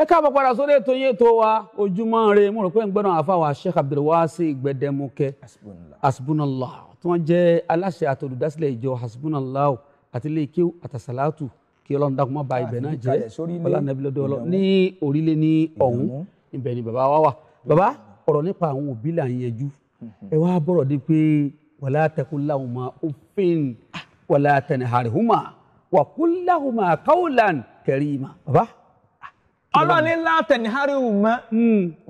ẹ káàbọ̀ padà sórí ètò yín ètò wa ojúmọ́ ire mo rò pé ń gbẹ́nu àfàwà Sheikh Abdulwasi Gbẹdẹmukẹ Hasbunallah tí wọ́n jẹ́ aláṣẹ àtòlùdásílẹ̀ ìjọ Hasbunallah àti ilé kíw kí ọlọ́run dákun má ibẹ̀ náà jẹ́ ọlá nàbílẹ̀ ọlọ́ ní orílẹ̀ ní ọ̀hún ibẹ̀ ni bàbá wa wà bàbá ọ̀rọ̀ nípa àwọn òbí là ń yẹjú mhm. ẹ wá bọ̀rọ̀ di pé wàlá tẹkùnláhùnmá òfin wàlá tẹnihàrìhùnmá wàkúnláhùnmá káwùlàn kẹrìmà bàbá ọlọ́ni látẹ̀ni hariwu mọ́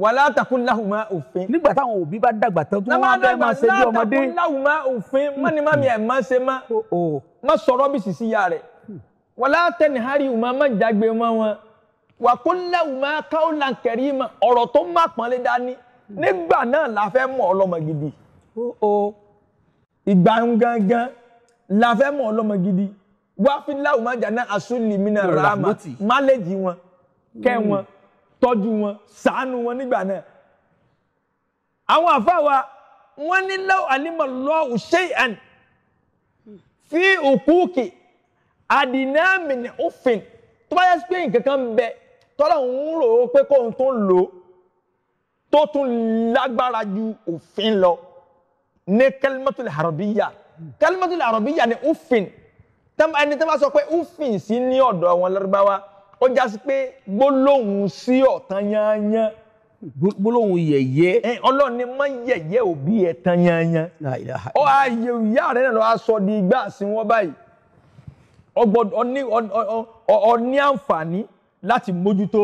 wà látàkùn láhùmá òfin. nígbà táwọn òbí bá dàgbà tán tí wọ́n fẹ́ máa ṣe bí ọmọdé. látàkùn láhùmá òfin mọ́ni má mi ẹ̀ má ṣe má hmm. oh, oh. má sọ̀rọ̀ bí sìsí ya rẹ̀ hmm. wà látẹ̀ni hariwu mọ́ má jágbe mọ́ wọn wà kó láhùmá káwọ́lá kẹrí mọ́ ọ̀rọ̀ tó má pọ́nlé dání hmm. nígbà náà la fẹ́ mọ̀ ọlọ́mọ gidi oh, ìgbà gangan la fẹ́ mọ̀ ọlọ́mọ gidi wàá fi láhùmá jà náà kẹ́ wọn tọ́jú wọn ṣàánú wọn nígbà náà àwọn àfáwa wọn ní law alima Allahu shay'an fi huquqi adina min òfin tó bá yẹ pé nǹkan kan bẹ tọ́lá ń rò ó pé kóun tó ń lò ó tó tún lágbára ju òfin lọ ní kalimatul arabiya kalimatul arabiya ni òfin ẹni tó bá sọ pé òfin sí ní ọ̀dọ̀ wọn lárúbáwá ó já sí pé gbólóhùn sí ọ̀tán yányán gbólóhùn yẹ̀yẹ́. ọlọ́run ni mọ yẹ̀yẹ́ òbí ẹ̀ tán yányán. ó ààyè ìyá rẹ̀ náà lọ aṣọ di igbá sí wọn báyìí ó ní àǹfààní láti mójútó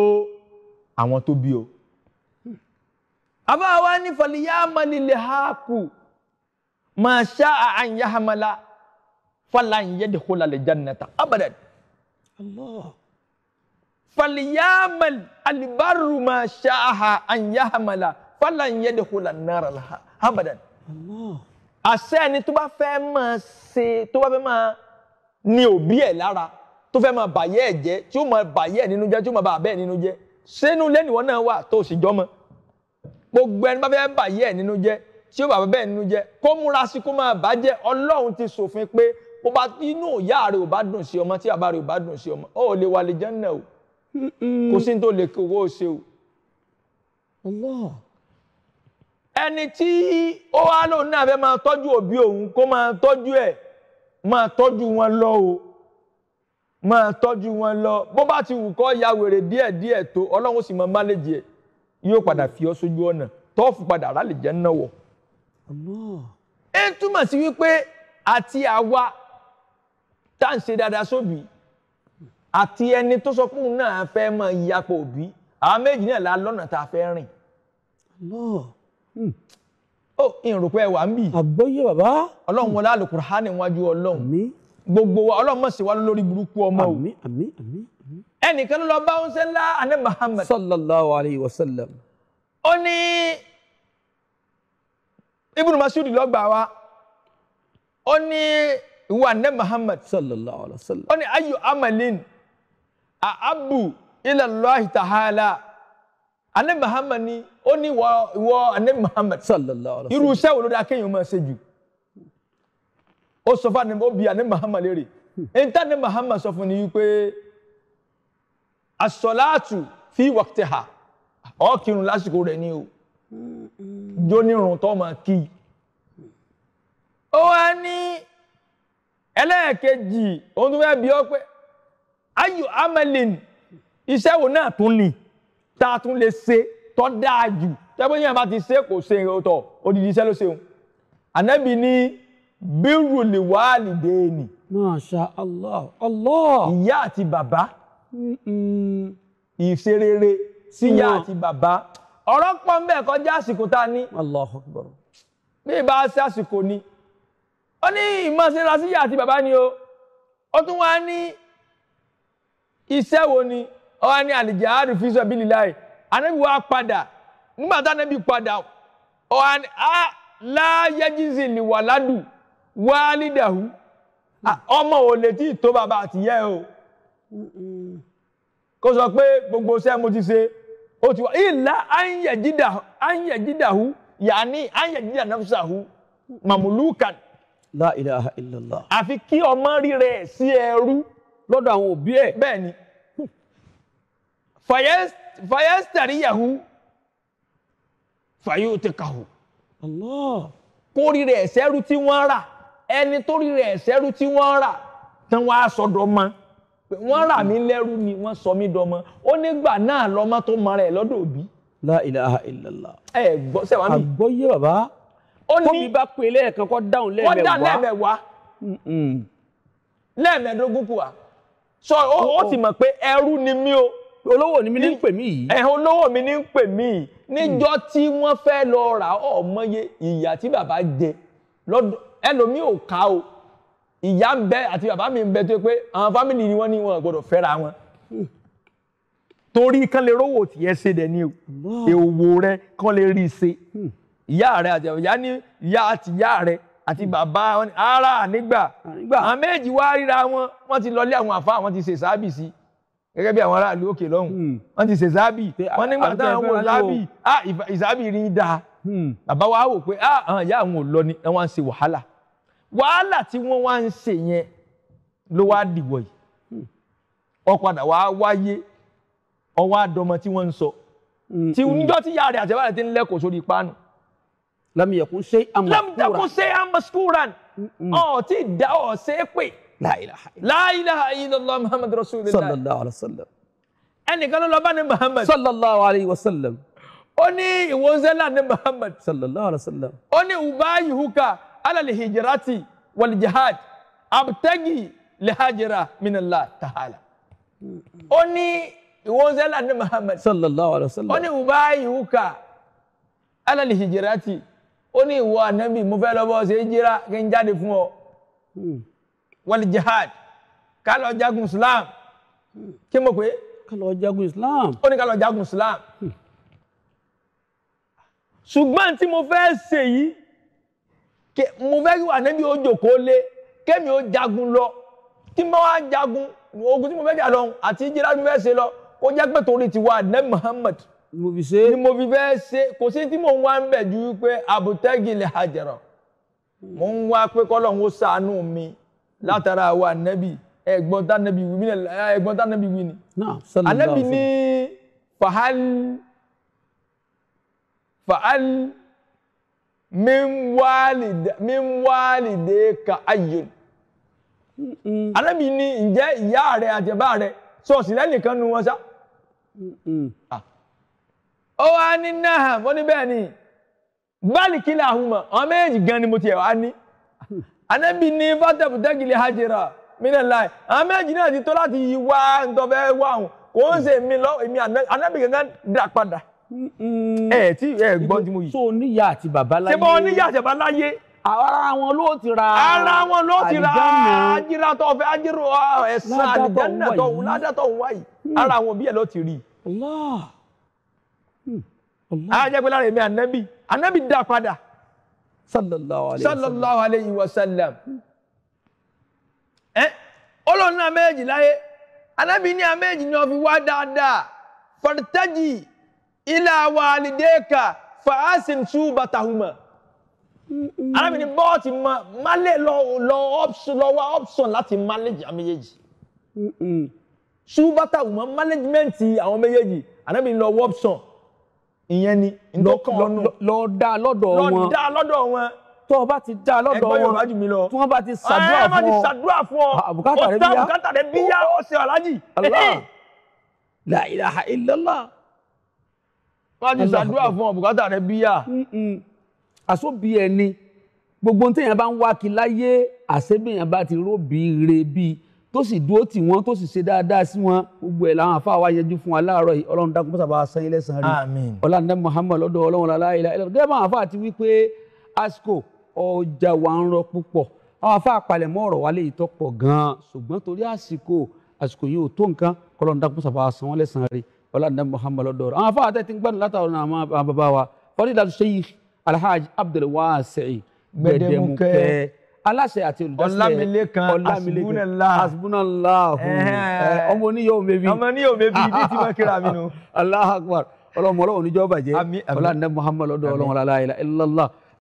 àwọn tó bí o. àbáwá ní fàlíyàmà lílẹ̀ ha kù máa ṣá àyàhámàlà fàlàyé dìkúlà lè jannata abadan. Allah falyamal alibaru ma ṣaaha an yahamala falan yadkhula nara laha abadan. àṣẹ ẹni tó bá fẹ́ máa ṣe tó bá fẹ́ máa ní òbí ẹ̀ lára tó fẹ́ máa bàyẹ́ ẹ̀ jẹ́ tí ó máa bàyẹ́ ẹ̀ nínú jẹ́ tí ó máa bàbẹ́ ẹ̀ nínú jẹ́ sínú lẹ́nìwọ́n náà wà tó sì jọmọ gbogbo ẹni bá fẹ́ bàyẹ́ ẹ̀ nínú jẹ́ tí ó bàbá bẹ́ẹ̀ nínú jẹ́ kó múra sí kó máa bàjẹ́ ọlọ́run ti ṣòfin pé bó bá inú ìyá rẹ̀ ò bá dùn sí ọmọ tí bàbá rẹ̀ ò bá dùn sí ọmọ ó lè wà lè jẹ́ náà o kò sí tó lè kí owó ṣe o. ẹni tí ó wá lóun náà fẹ́ máa tọ́jú òbí òun kó máa tọ́jú ẹ̀ máa tọ́jú wọn lọ o máa tọ́jú wọn lọ bó bá ti wù kó ya wèrè díẹ̀díẹ̀ tó ọlọ́run sì máa máléjì ẹ̀ yóò padà fi ọ sójú ọ̀nà tọ́ọ̀fù padà rálẹ̀ jẹ́ náwọ̀. ẹ túmọ̀ sí wípé àti àwa tá à ń ṣe dáadáa sóbì. So àti ẹni tó sọ fún un náà fẹ́ mọ ìyapò òbí àwọn méjì náà la lọ́nà tá a fẹ́ rìn. Hmm. ó ìrò pé ẹ wà ń bì. àgbọ́yé bàbá. ọlọ́run wọlé àlùkùránì níwájú ọlọ́run gbogbo wa ọlọ́run mọ̀ sí wa lórí burúkú ọmọ o ẹnìkan ló lọ bá oúnjẹ ńlá àní Muhammad sallallahu alayhi wa sallam ó ní Ibn Mas'ud lọ́gbà wa ó ní ìwà àní Muhammad sallallahu alayhi wa sallam ó ní ayu amalin a abu ilallahi ta'ala ane muhammad ni ó ní wọ ìwọ ane muhammad sallallahu alaihi irú iṣẹ́ wo ló dáa kéèyàn máa ṣe jù ó sọ fún ane ó bi ane muhammad léèrè níta ane muhammad sọ fún ni wípé asọ́láàtù fi waqtiha ọ́ kírun lásìkò rẹ̀ ni o jónírun tó máa kí ó wá ní ẹlẹ́ẹ̀kejì òun tó fẹ́ bi ọ́ pé ayò amalin iṣẹ́ wo náà tún ni tá a tún lè ṣe tó dáa jù tẹ́gbẹ́ yẹn bá ti ṣe kò ṣe ọ̀tọ̀ odidi iṣẹ́ ló ṣeun ànábì ní bírù lè wá àlìdé ni. Masha Allah Allah. ìyá àti bàbá ìṣerere síyá àti bàbá ọ̀rọ̀ pọ̀ ń bẹ̀ kọjá àsìkò tá a ní. Allahu Akbar. bí ìbá ṣe àsìkò ni ó ní ìmọ̀ síra síyá àti bàbá ni o ó tún wá ní. iṣẹ́ wo ni ọwọ́ ní àlìjáàdù fi sọ bílí láì anábì wá padà nígbà tá anábì padà ọwọ́ ní a láyẹ́jìzì lè wà ládù ọmọ ò lè tí ì tó bàbá àtìyẹ́ o kó sọ pé gbogbo iṣẹ́ mo ti ṣe ó ti wá ìlà áyẹ̀jìdàhù yàní áyẹ̀jìdà nafsahu mamulukan. àfi kí ọmọ rí sí ẹrú. lọ́dọ̀ àwọn òbí ẹ̀. bẹ́ẹ̀ ni fàyẹ́sítàríyàwó fàyóòtẹ́kàwó kó rí rẹ̀ ẹ̀sẹ́rú tí wọ́n rà ẹni tó rí rẹ̀ ẹ̀sẹ́rú tí wọ́n rà tán wàá sọ̀dọ̀ mọ́ wọ́n rà mí lẹ́rú ni wọ́n sọ mí dọ́mọ ó nígbà náà lọ́mọ tó mọ rẹ̀ lọ́dọ̀ òbí. la ilaha illallah. ẹ gbọ́ sẹ́wàá mi. àgbọ́yé bàbá. ó ní kóbi bá pe lẹ́ẹ̀kan kọ́ dáhùn lẹ́ẹ̀mẹ̀wá. wọ́n lẹ́ẹ̀mẹ̀dógún kù wá sọ ó oh, oh. ti mọ̀ pé ẹrú ni mi o. olówó ni mi ní ń pè mí yìí. ẹ mi ní ń pè mí yìí níjọ́ tí wọ́n fẹ́ lọ rà ọmọye ìyà tí bàbá jẹ lọ́dọ̀ ẹlòmíì ò ká o ìyá ń bẹ àti bàbá mi ń bẹ tó pé àwọn fámìlì ni wọ́n ní wọn gbọ́dọ̀ fẹ́ra wọn torí kán lè rówó tìyẹ ṣe dẹ ni èèwọ̀ rẹ kán lè rí i ṣe hmm. ìyá rẹ àti ìyá ní ìyá àti ìyá rẹ àti bàbá ara nígbà àwọn méjì wá ríra wọn wọ́n ti lọlé àwọn àfa àwọn ti ṣe sábì sí gẹ́gẹ́ bí àwọn aráàlú òkè lọ́hùn hmm. wọ́n ti ṣe sábì ah, wọ́n nígbà táwọn wò sábì ah ìsábì rí dáa hmm. bàbá wa wò pé ah àwọn ìyá àwọn ò lọ ni wọ́n ń ṣe wàhálà wàhálà tí wọ́n wá ń ṣe yẹn ló wá dìwọ̀ yìí hmm. ó padà wá wáyé ọwọ́ àdọ́mọ tí wọ́n ń sọ tí níjọ́ tí yára àtẹ̀wá rẹ̀ ti ń lẹ́kọ̀ọ́ sórí páànù lam yakun shay'an maskura lam takun shay'an maskuran ọ̀ mm, mm. oh, tí da ọ̀ ṣe é pè. la ilaha illallah muhammadu rasulillah. sallallahu alayhi wa sallam. ẹnìkan ló lọ bá ní muhammad. sallallahu alayhi wa sallam. ó ní ìwọ́nsẹ́lá ní muhammad. sallallahu alayhi wa sallam. ó ní ubayyuka alali hijirati wal jihad abtagi lihajira minallah ta'ala. Mm. ó ní ìwọ́nsẹ́lá ní sallallahu alayhi wa sallam. ó ní alali hijirati ó ní ìwọ ànábì mo fẹ́ lọ́bọ̀ ṣe é jíra kí n jáde fún ọ hmm. wal jihad ká jagun islam hmm. kí mo pé ká lọ jagun islam ó ní ká jagun islam hmm. ṣùgbọ́n tí mo fẹ́ ṣe yìí mo fẹ́ kí ànábì ó jókòó lé kémi ó jagun lọ tí mo wá jagun ogun tí mo fẹ́ jà lọ àti jíra tí fẹ́ ṣe lọ kó jẹ́ pé torí ti wá ànábì Muhammad mo fi ṣe. ni mo fi fẹ́ ṣe kò sí tí mò ń wá ń bẹ̀ ju wípé àbùtẹ́gì lè hajẹ̀rọ̀ mò ń wá pé kọ́lọ́hún ó ṣàánú mi látara àwọn ànẹ́bì ẹ̀gbọ́n tánẹ́bì wí ni ẹ̀gbọ́n tánẹ́bì wí ni. ànẹ́bì ní fàhál fàhál min wálìdé ka ayò ànẹ́bì ní ǹjẹ́ ìyá rẹ̀ àtẹ̀bá rẹ̀ sọ̀ọ̀sì lẹ́nìkan nu wọn sá ó wá ní naham ó ní bẹ́ẹ̀ ni bálìkì làhùmà àwọn méjì gan ni mo tiẹ̀ wá ní anábì ní fatabu tẹ́gìlì hajira mílẹ̀ láì àwọn méjì náà ti tó láti yí wá ntọ́fẹ́ wá àwọn kò ń ṣe mi lọ èmi anábì gangan dà padà ẹ tí ẹ gbọ́ tí mo yìí. so níyà àti bàbá láyé. ṣé bọ́ níyà àti bàbá láyé ara wọn ló ti ra ara wọn ló ti ra ajira tó fẹ́ ajiro ẹ̀san àlìjánná tó ń ládàtọ̀ ń hmm. ara wọn bí ẹ ló ti rí ajẹ́ ah, pé lára èmi ànábì ànábì dá padà sallallahu alayhi wa sallam ẹ ọlọ́run náà méjì láyé ànábì ní àméjì ni wọ́n fi wá dáadáa fọ̀rọ̀tẹ́jì ilà wàlídẹ́ẹ̀kà fàásìn túbàtàhùmà arábìnrin ni bọ́ọ̀tì ma malẹ̀ lọ láti manage àwọn méjèèjì ṣùgbọ́n management àwọn méjèèjì arábìnrin lọ wọ́ option ìyẹn ni lọ dá lọ́dọ̀ wọn lọ dá lọ́dọ̀ wọn tó o bá ti dá lọ́dọ̀ wọn tí wọ́n bá ti ṣàdúrà fún ọ ẹ ṣàdúrà fún ọ àbùkátà rẹ bíyá àbùkátà rẹ bíyá ó ṣe aláàjì. la ilaha illallah. wọ́n ti ṣàdúrà fún àbùkátà rẹ bíyá. àsóbi ẹni gbogbo téèyàn bá ń wá kí láyé àṣébèèyàn bá ti róbìí re bíi tó sì dúró tì wọ́n tó sì ṣe dáadáa sí wọn gbogbo ẹ̀ làwọn àfa wa yanjú fún wa láàárọ̀ yìí ọlọ́run dákun mọ́sàbá san ilé san rí ọlọ́run Muhammad lọ́dọ̀ ọlọ́run aláìlá ẹlẹ́dọ̀ gẹ́gẹ́ báwọn àfa àti wípé ASCO ọjà wa ń rọ púpọ̀ àwọn àfa àpalẹ̀mọ́ ọ̀rọ̀ wa lè tọ́ pọ̀ gan-an torí àsìkò àsìkò yìí ò tó nǹkan ọlọ́run dákun mọ́sàbá san wọ́n lé rí ọlọ́run Muhammad lọ́dọ̀ ọ̀rọ̀ àwọn àfa àti ti ń gbádùn látàwọn aláṣẹ àti olùdásílẹ̀ ọlámilékan asibunala asibunala ọmọ oníyọ omebi ọmọ oníyọ omebi ní tí wọn kíra mi nù. Allahu Akbar ọlọmọ ọlọmọ oníjọba jẹ ọlá nẹ Muhammad ọdọ ọlọmọ la ilaha